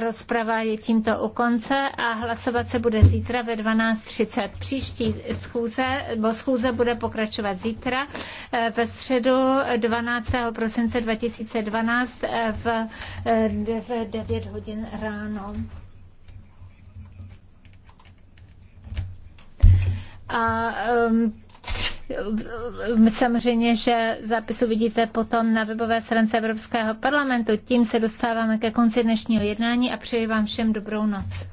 Rozprava je tímto u konce a hlasovat se bude zítra ve 12.30. Příští schůze, bo schůze bude pokračovat zítra eh, ve středu 12. prosince 2012 eh, v, eh, v 9 hodin ráno. A um, Eh, samozřejmě, že zápis uvidíte potom na webové stránce Evropského parlamentu. Tím se dostáváme ke konci dnešního jednání a přeji vám všem dobrou noc.